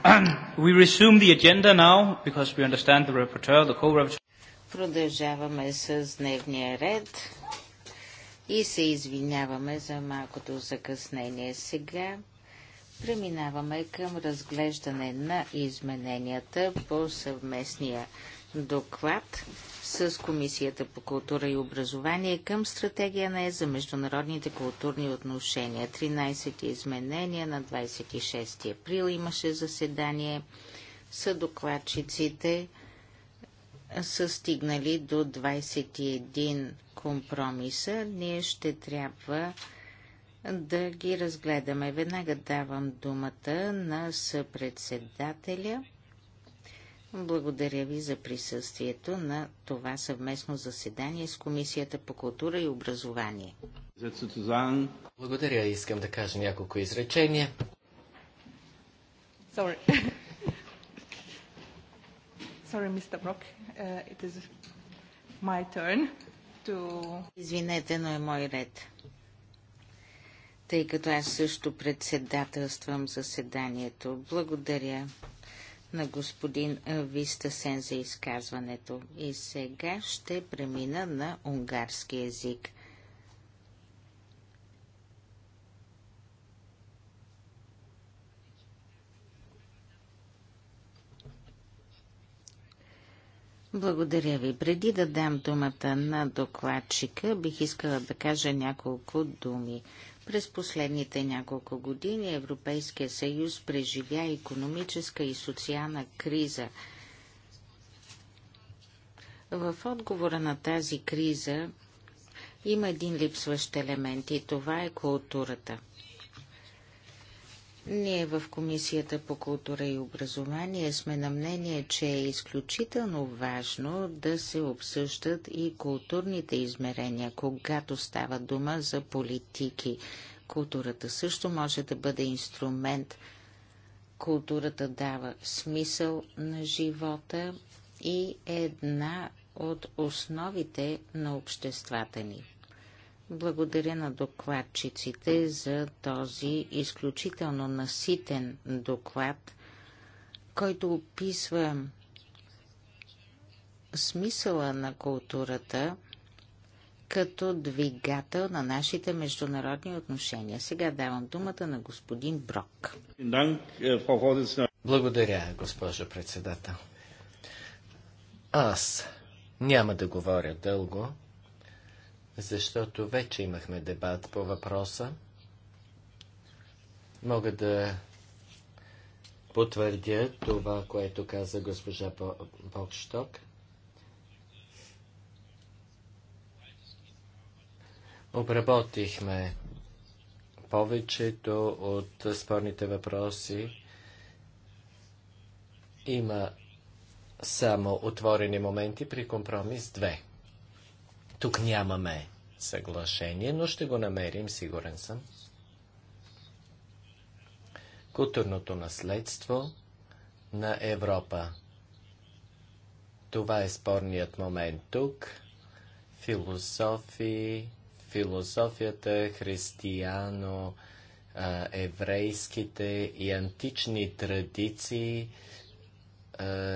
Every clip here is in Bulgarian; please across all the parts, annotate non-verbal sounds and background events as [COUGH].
[CLEARS THROAT] We resume the agenda now, because we understand the rapporteur, the co-rapporteur. Продължаваме с дневния ред и се извиняваме за малкото закъснение. Сега преминаваме към разглеждане на измененията по съвместния доклад с Комисията по култура и образование към стратегия на ЕС за международните културни отношения. 13 изменения на 26 април имаше заседание с докладчиците са стигнали до 21 компромиса. Ние ще трябва да ги разгледаме. Веднага давам думата на съпредседателя. Благодаря ви за присъствието на това съвместно заседание с Комисията по култура и образование. Благодаря, искам да кажа няколко изречения. Sorry. Sorry, Mr. Brock. Uh, it is my turn to... Извинете, но е мой ред. Тъй като аз също председателствам заседанието. Благодаря на господин Сен за изказването. И сега ще премина на унгарски язик. Благодаря ви. Преди да дам думата на докладчика, бих искала да кажа няколко думи. През последните няколко години Европейския съюз преживя економическа и социална криза. В отговора на тази криза има един липсващ елемент и това е културата – ние в Комисията по култура и образование сме на мнение, че е изключително важно да се обсъждат и културните измерения, когато става дума за политики. Културата също може да бъде инструмент. Културата дава смисъл на живота и е една от основите на обществата ни. Благодаря на докладчиците за този изключително наситен доклад, който описва смисъла на културата като двигател на нашите международни отношения. Сега давам думата на господин Брок. Благодаря, госпожо председател. Аз няма да говоря дълго, защото вече имахме дебат по въпроса. Мога да потвърдя това, което каза госпожа Бокшток. Обработихме повечето от спорните въпроси. Има само отворени моменти при компромис 2. Тук нямаме съглашение, но ще го намерим, сигурен съм. Културното наследство на Европа. Това е спорният момент тук. Философи, философията, християно, еврейските и антични традиции.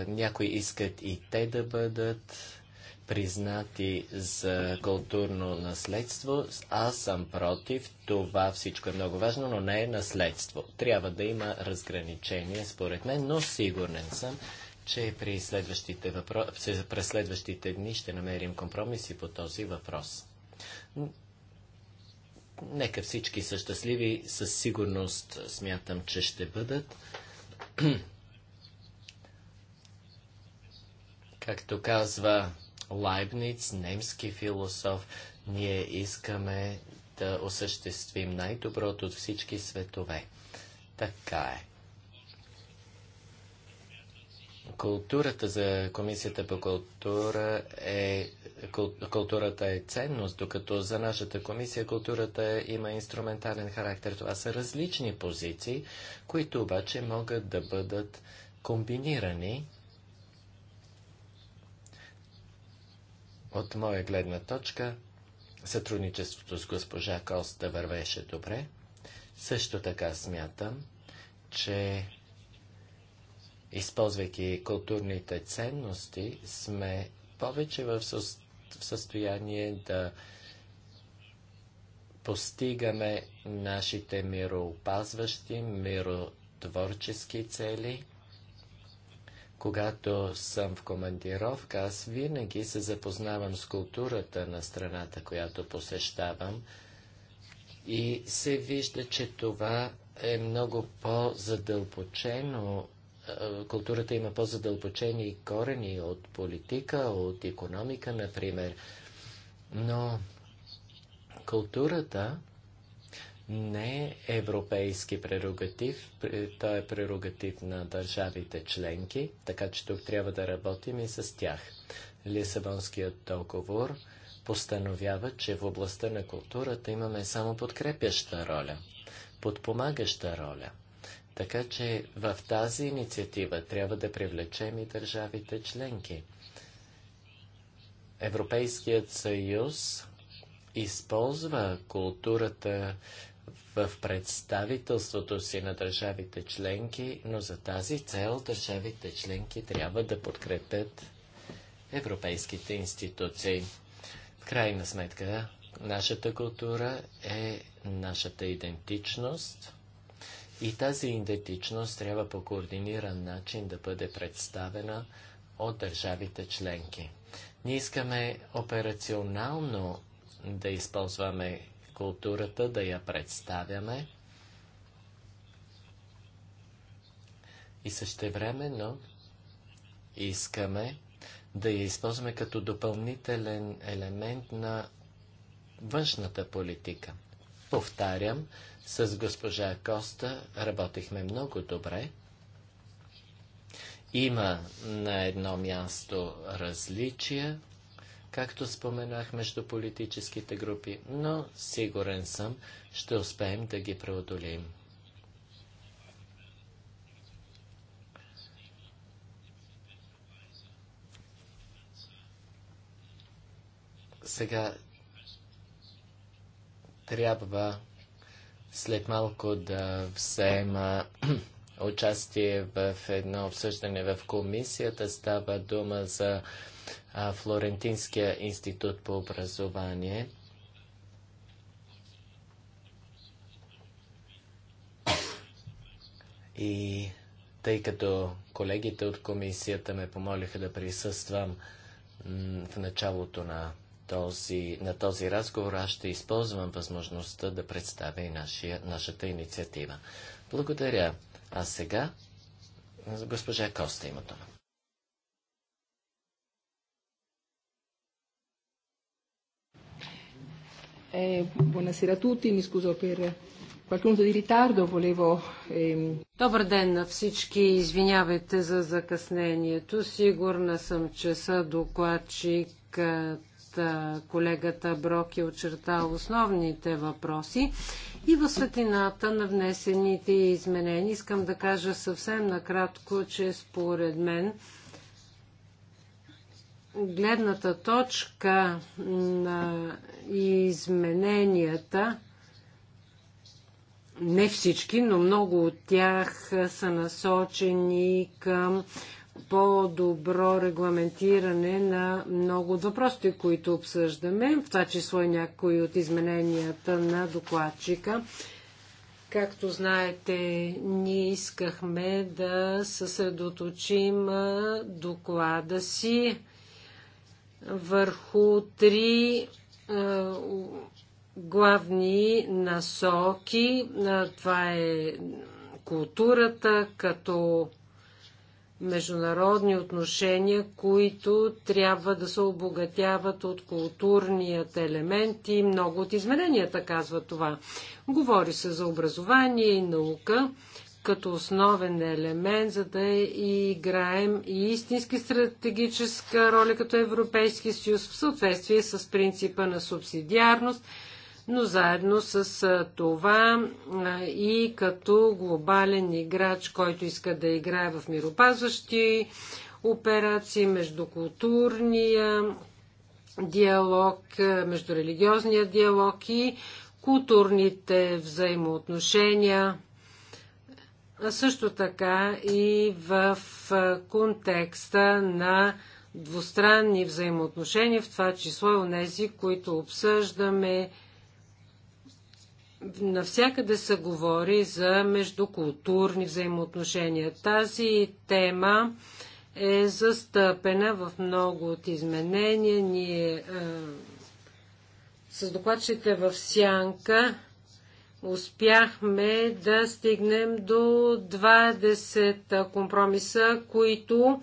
някои искат и те да бъдат признати за културно наследство. Аз съм против. Това всичко е много важно, но не е наследство. Трябва да има разграничение, според мен, но сигурен съм, че при следващите, въпро... през следващите дни ще намерим компромиси по този въпрос. Нека всички са щастливи, със сигурност смятам, че ще бъдат. [CLEARS THROAT] Както казва Лайбниц, немски философ, ние искаме да осъществим най-доброто от всички светове. Така е. Културата за Комисията по култура е, културата е ценност, докато за нашата комисия културата е, има инструментален характер. Това са различни позиции, които обаче могат да бъдат комбинирани От моя гледна точка, сътрудничеството с госпожа Коста вървеше добре. Също така смятам, че използвайки културните ценности, сме повече в, в състояние да постигаме нашите мироопазващи, миротворчески цели – когато съм в командировка, аз винаги се запознавам с културата на страната, която посещавам и се вижда, че това е много по-задълбочено е, културата има по-задълбочени корени от политика, от економика, например. Но културата не е европейски прерогатив, той е прерогатив на държавите членки, така че тук трябва да работим и с тях. Лисабонският договор постановява, че в областта на културата имаме само подкрепяща роля, подпомагаща роля. Така че в тази инициатива трябва да привлечем и държавите членки. Европейският съюз използва културата в представителството си на държавите членки, но за тази цел държавите членки трябва да подкрепят европейските институции. В крайна сметка, нашата култура е нашата идентичност и тази идентичност трябва по координиран начин да бъде представена от държавите членки. Ние искаме операционално да използваме културата, да я представяме и същевременно искаме да я използваме като допълнителен елемент на външната политика. Повтарям, с госпожа Коста работихме много добре. Има на едно място различия, както споменах, между политическите групи, но сигурен съм, ще успеем да ги преодолим. Сега трябва след малко да взема [CLEARS THROAT] участие в едно обсъждане в комисията. Става дума за Флорентинския институт по образование. И тъй като колегите от комисията ме помолиха да присъствам в началото на този, на този разговор, аз ще използвам възможността да представя и нашия, нашата инициатива. Благодаря. А сега госпожа Коста има думата. Eh, buonasera a tutti, mi scuso per qualche minuto di ritardo, volevo... Ehm... Добър ден на всички, извинявайте за закъснението. Сигурна съм, че са докладчик колегата Брок е очертал основните въпроси и в светлината на внесените изменения искам да кажа съвсем накратко, че според мен гледната точка на измененията, не всички, но много от тях са насочени към по-добро регламентиране на много от въпросите, които обсъждаме, в това число и някои от измененията на докладчика. Както знаете, ние искахме да съсредоточим доклада си върху три е, главни насоки. Е, това е културата като международни отношения, които трябва да се обогатяват от културният елемент и много от измеренията казва това. Говори се за образование и наука, като основен елемент, за да играем и истински стратегическа роля като Европейски съюз в съответствие с принципа на субсидиарност, но заедно с това и като глобален играч, който иска да играе в миропазващи операции, междукултурния диалог, междурелигиозния диалог и културните взаимоотношения – също така и в контекста на двустранни взаимоотношения, в това число и онези, които обсъждаме. Навсякъде се говори за междукултурни взаимоотношения. Тази тема е застъпена в много от изменения. Ние е, с докладчите в Сянка успяхме да стигнем до 20 компромиса, които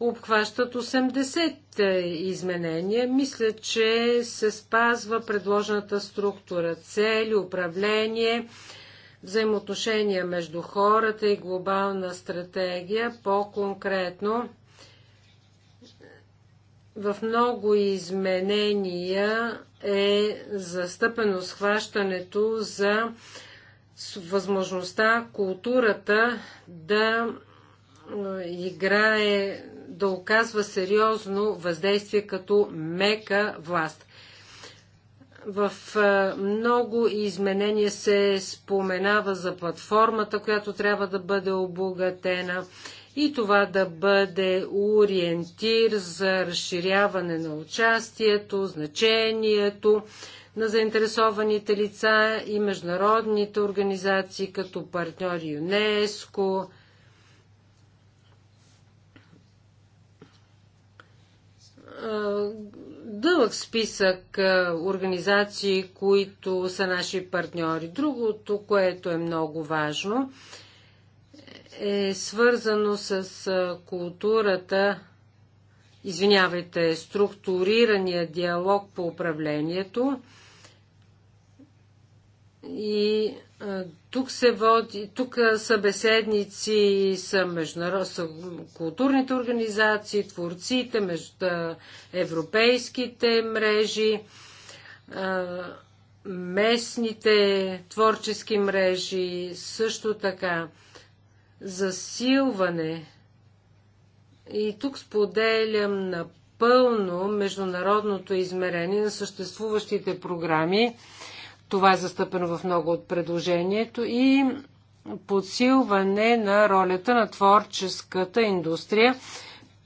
обхващат 80 изменения. Мисля, че се спазва предложената структура, цели, управление, взаимоотношения между хората и глобална стратегия. По-конкретно, в много изменения е застъпено схващането за възможността културата да е, играе, да оказва сериозно въздействие като мека власт. В е, много изменения се споменава за платформата, която трябва да бъде обогатена и това да бъде ориентир за разширяване на участието, значението на заинтересованите лица и международните организации като партньори ЮНЕСКО, дълъг списък организации, които са наши партньори. Другото, което е много важно, е свързано с културата, извинявайте, структурирания диалог по управлението. И тук се води, тук събеседници са, международ, са културните организации, творците, между европейските мрежи, местните творчески мрежи, също така засилване. И тук споделям напълно международното измерение на съществуващите програми. Това е застъпено в много от предложението и подсилване на ролята на творческата индустрия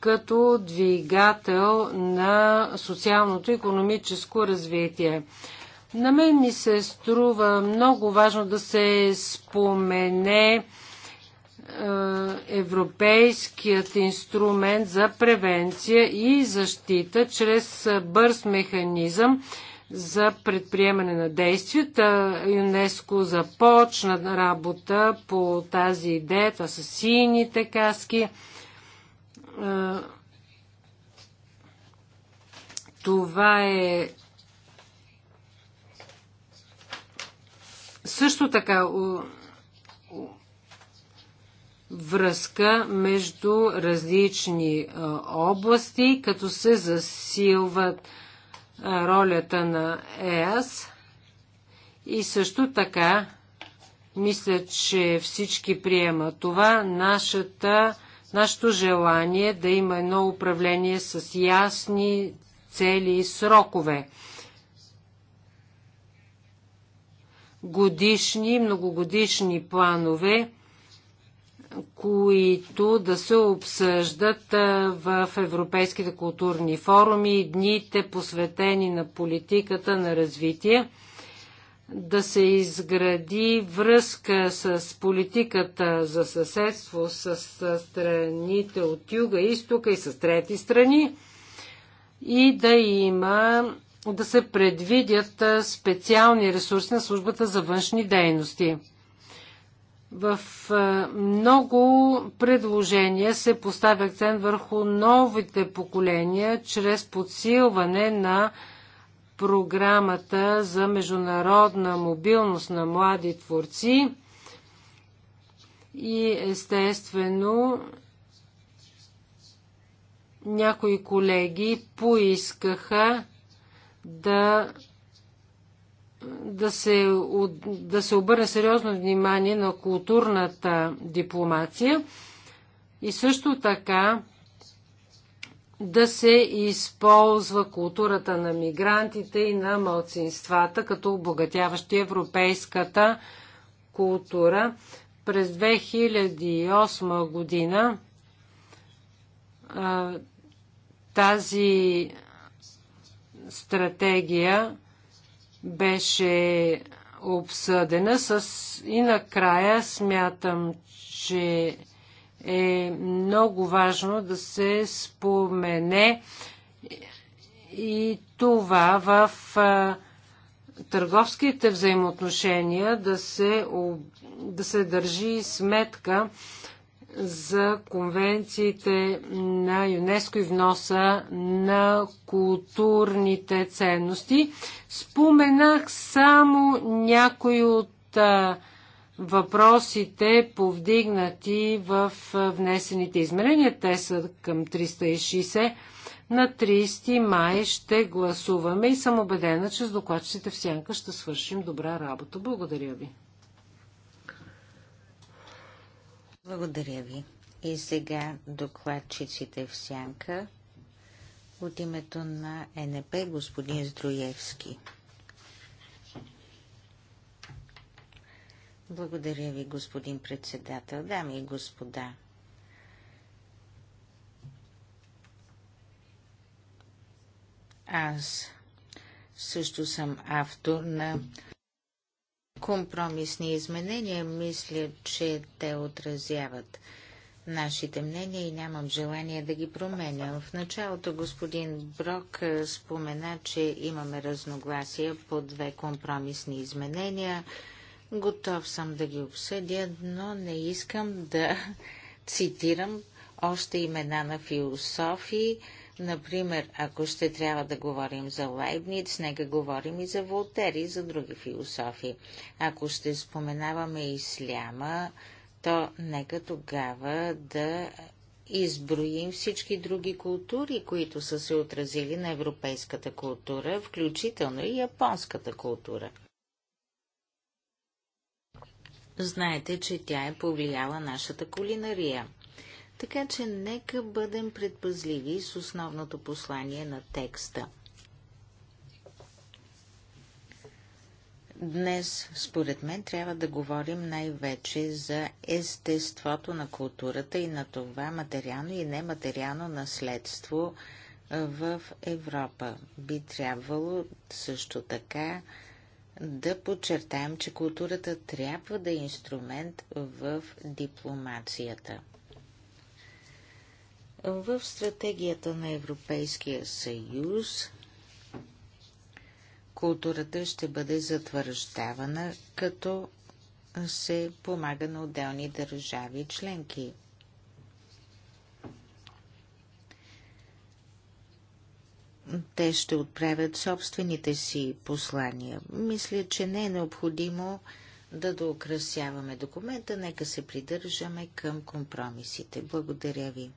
като двигател на социалното и економическо развитие. На мен ми се струва много важно да се спомене е, европейският инструмент за превенция и защита чрез е, бърз механизъм за предприемане на действията. ЮНЕСКО започна работа по тази идея. Това са сините каски. Е, това е също така връзка между различни области, като се засилват ролята на ЕАС и също така мисля, че всички приема това, нашата, нашето желание да има едно управление с ясни цели и срокове. Годишни, многогодишни планове – които да се обсъждат в европейските културни форуми и дните посветени на политиката на развитие, да се изгради връзка с политиката за съседство с страните от юга, изтока и с трети страни и да има да се предвидят специални ресурси на службата за външни дейности. В е, много предложения се поставя акцент върху новите поколения чрез подсилване на програмата за международна мобилност на млади творци и естествено някои колеги поискаха да да се, да се обърне сериозно внимание на културната дипломация и също така да се използва културата на мигрантите и на малцинствата като обогатяващи европейската култура. През 2008 година тази стратегия беше обсъдена с... и накрая смятам, че е много важно да се спомене и това в търговските взаимоотношения да се, да се държи сметка за конвенциите на ЮНЕСКО и вноса на културните ценности. Споменах само някои от въпросите, повдигнати в внесените измерения. Те са към 360. На 30 май ще гласуваме и съм убедена, че с докладчите в Сянка ще свършим добра работа. Благодаря ви. Благодаря ви. И сега докладчиците в сянка от името на НП господин Здруевски. Благодаря ви, господин председател. Дами и господа, аз също съм автор на компромисни изменения, мисля, че те отразяват нашите мнения и нямам желание да ги променям. В началото господин Брок е, спомена, че имаме разногласия по две компромисни изменения. Готов съм да ги обсъдя, но не искам да [LAUGHS] цитирам още имена на философии, Например, ако ще трябва да говорим за Лайбниц, нека говорим и за волтери, и за други философи. Ако ще споменаваме исляма, то нека тогава да изброим всички други култури, които са се отразили на европейската култура, включително и японската култура. Знаете, че тя е повлияла нашата кулинария – така че нека бъдем предпазливи с основното послание на текста. Днес, според мен, трябва да говорим най-вече за естеството на културата и на това материално и нематериално наследство в Европа. Би трябвало също така да подчертаем, че културата трябва да е инструмент в дипломацията. В стратегията на Европейския съюз културата ще бъде затвърждавана, като се помага на отделни държави членки. Те ще отправят собствените си послания. Мисля, че не е необходимо да доукрасяваме документа, нека се придържаме към компромисите. Благодаря ви.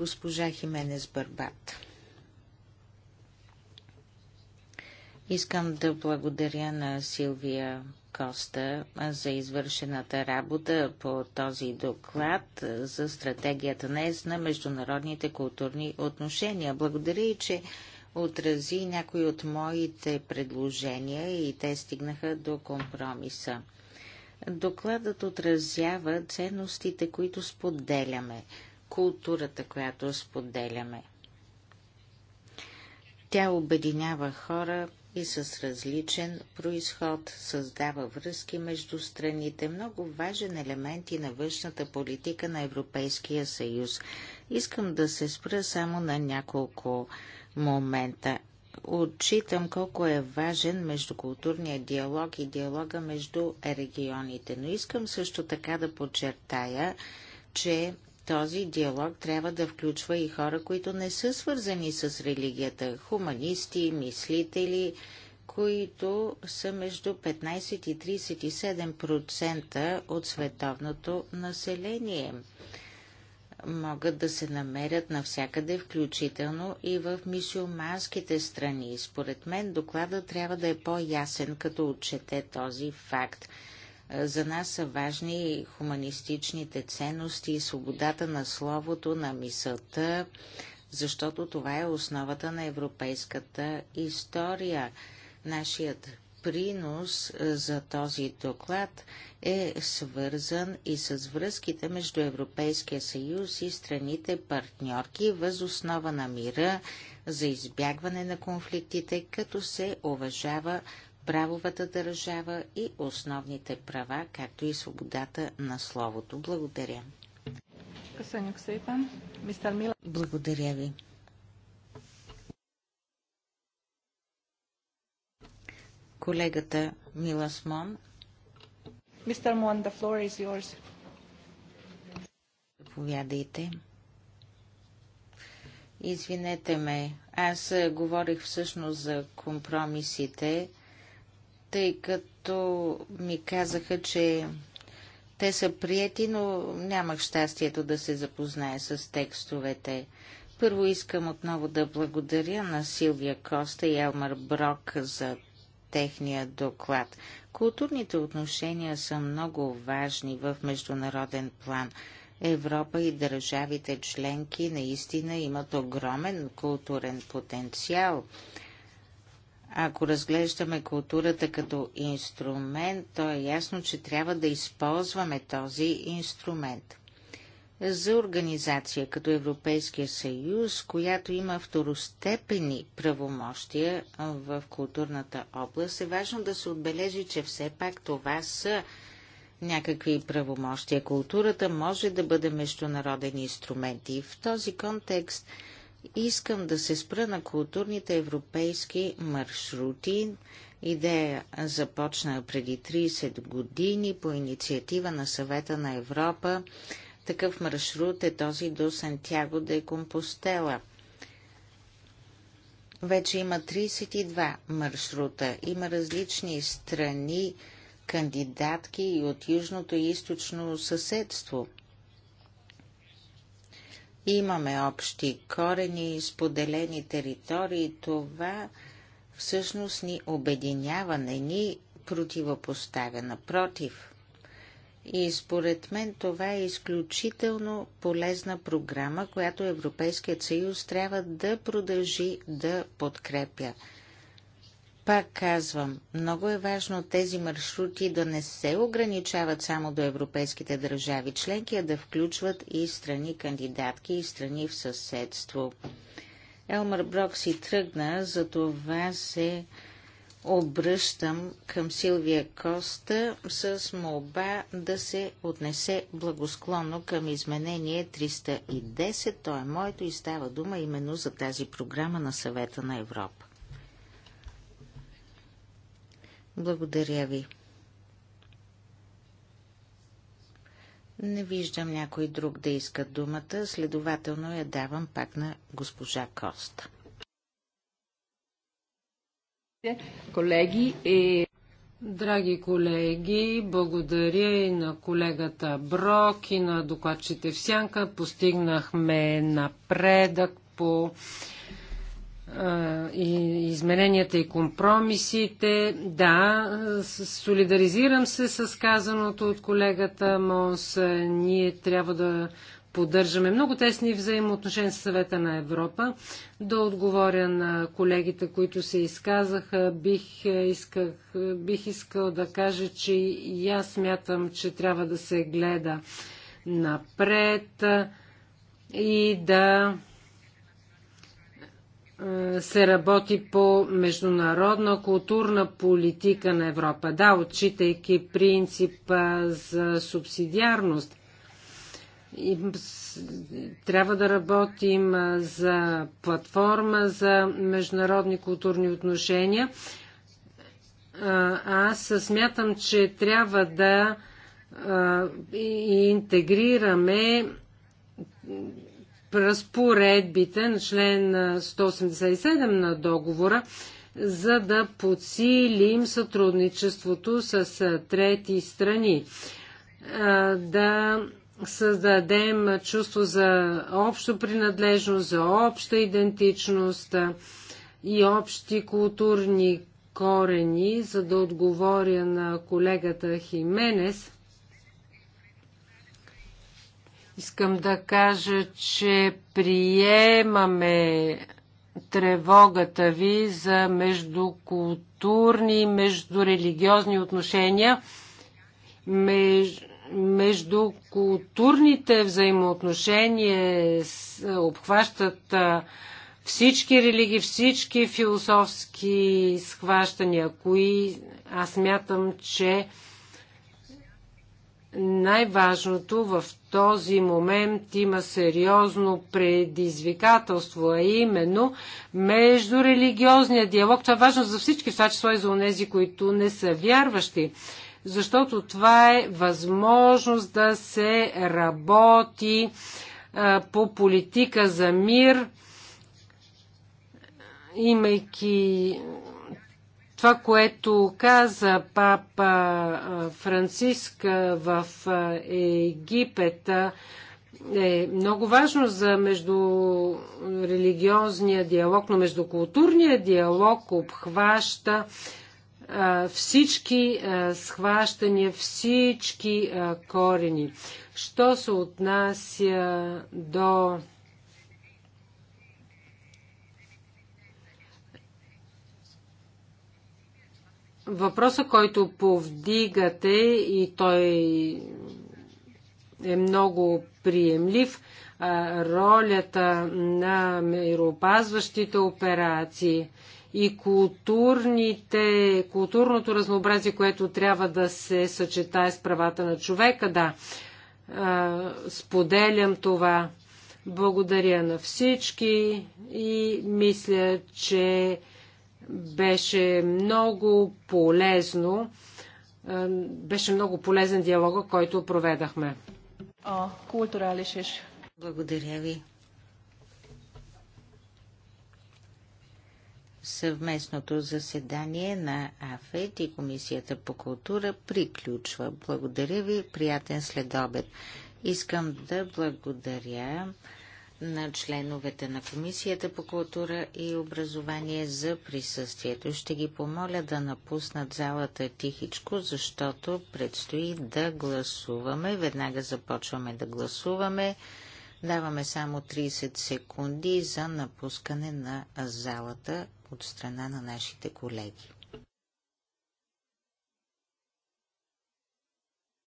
госпожа Хименес Барбат. Искам да благодаря на Силвия Коста за извършената работа по този доклад за стратегията на ЕС на международните културни отношения. Благодаря и, че отрази някои от моите предложения и те стигнаха до компромиса. Докладът отразява ценностите, които споделяме културата, която споделяме. Тя обединява хора и с различен происход, създава връзки между страните, много важен елемент и на външната политика на Европейския съюз. Искам да се спра само на няколко момента. Отчитам колко е важен междукултурния диалог и диалога между регионите, но искам също така да подчертая, че този диалог трябва да включва и хора, които не са свързани с религията, хуманисти, мислители, които са между 15 и 37% от световното население. Могат да се намерят навсякъде, включително и в мисиоманските страни. Според мен докладът трябва да е по-ясен, като отчете този факт. За нас са важни хуманистичните ценности, свободата на словото, на мисълта, защото това е основата на европейската история. Нашият принос е, за този доклад е свързан и с връзките между Европейския съюз и страните партньорки въз основа на мира за избягване на конфликтите, като се уважава правовата държава и основните права, както и свободата на словото. Благодаря. Благодаря ви. Колегата Милас Мон. Мистер Мон, the floor is yours. Заповядайте. Извинете ме, аз говорих всъщност за компромисите тъй като ми казаха, че те са прияти, но нямах щастието да се запознае с текстовете. Първо искам отново да благодаря на Силвия Коста и Елмар Брок за техния доклад. Културните отношения са много важни в международен план. Европа и държавите членки наистина имат огромен културен потенциал. Ако разглеждаме културата като инструмент, то е ясно, че трябва да използваме този инструмент. За организация като Европейския съюз, която има второстепени правомощия в културната област, е важно да се отбележи, че все пак това са някакви правомощия. Културата може да бъде международен инструмент и в този контекст – Искам да се спра на културните европейски маршрути. Идея започна преди 30 години по инициатива на Съвета на Европа. Такъв маршрут е този до Сантьяго де Компостела. Вече има 32 маршрута. Има различни страни, кандидатки и от южното и източно съседство – Имаме общи корени, споделени територии. Това всъщност ни обединява, не ни противопоставя. Напротив, и според мен това е изключително полезна програма, която Европейският съюз трябва да продължи да подкрепя. Пак казвам, много е важно тези маршрути да не се ограничават само до европейските държави членки, а да включват и страни кандидатки и страни в съседство. Елмар Брок си тръгна, за това се обръщам към Силвия Коста с молба да се отнесе благосклонно към изменение 310. То е моето и става дума именно за тази програма на съвета на Европа. Благодаря ви. Не виждам някой друг да иска думата, следователно я давам пак на госпожа Коста. Колеги, и е- Драги колеги, благодаря и на колегата Брок и на докладчите в Сянка. Постигнахме напредък по и измененията и компромисите. Да, солидаризирам се с казаното от колегата МОС. Ние трябва да поддържаме много тесни взаимоотношения с съвета на Европа. Да отговоря на колегите, които се изказаха, бих, е, исках, е, бих искал да кажа, че и аз смятам, че трябва да се гледа напред и да е, се работи по международна културна политика на Европа. Да, отчитайки принципа за субсидиарност. И трябва да работим е, за платформа за международни културни отношения. Е, аз смятам, че трябва да интегрираме разпоредбите на член 187 на договора, за да подсилим сътрудничеството с трети страни, да създадем чувство за общо принадлежност, за обща идентичност и общи културни корени, за да отговоря на колегата Хименес – Искам да кажа, че приемаме тревогата ви за междукултурни, междурелигиозни отношения. Меж... Междукултурните взаимоотношения с обхващат всички религии, всички философски схващания, кои аз мятам, че най-важното в този момент има сериозно предизвикателство, а именно между религиозния диалог. Това е важно за всички, в това число и за онези, които не са вярващи. Защото това е възможност да се работи а, по политика за мир, имайки това, което каза папа Франциск в Египет, е много важно за междурелигиозния диалог, но междукултурния диалог обхваща всички схващания, всички корени. Що се отнася до Въпросът, който повдигате и той е много приемлив, ролята на мироопазващите операции и културните, културното разнообразие, което трябва да се съчетае с правата на човека. Да, споделям това. Благодаря на всички и мисля, че беше много полезно. Беше много полезен диалога, който проведахме. Благодаря ви. Съвместното заседание на АФЕД и Комисията по култура приключва. Благодаря ви, приятен следобед. Искам да благодаря на членовете на Комисията по култура и образование за присъствието. Ще ги помоля да напуснат залата тихичко, защото предстои да гласуваме. Веднага започваме да гласуваме. Даваме само 30 секунди за напускане на залата от страна на нашите колеги.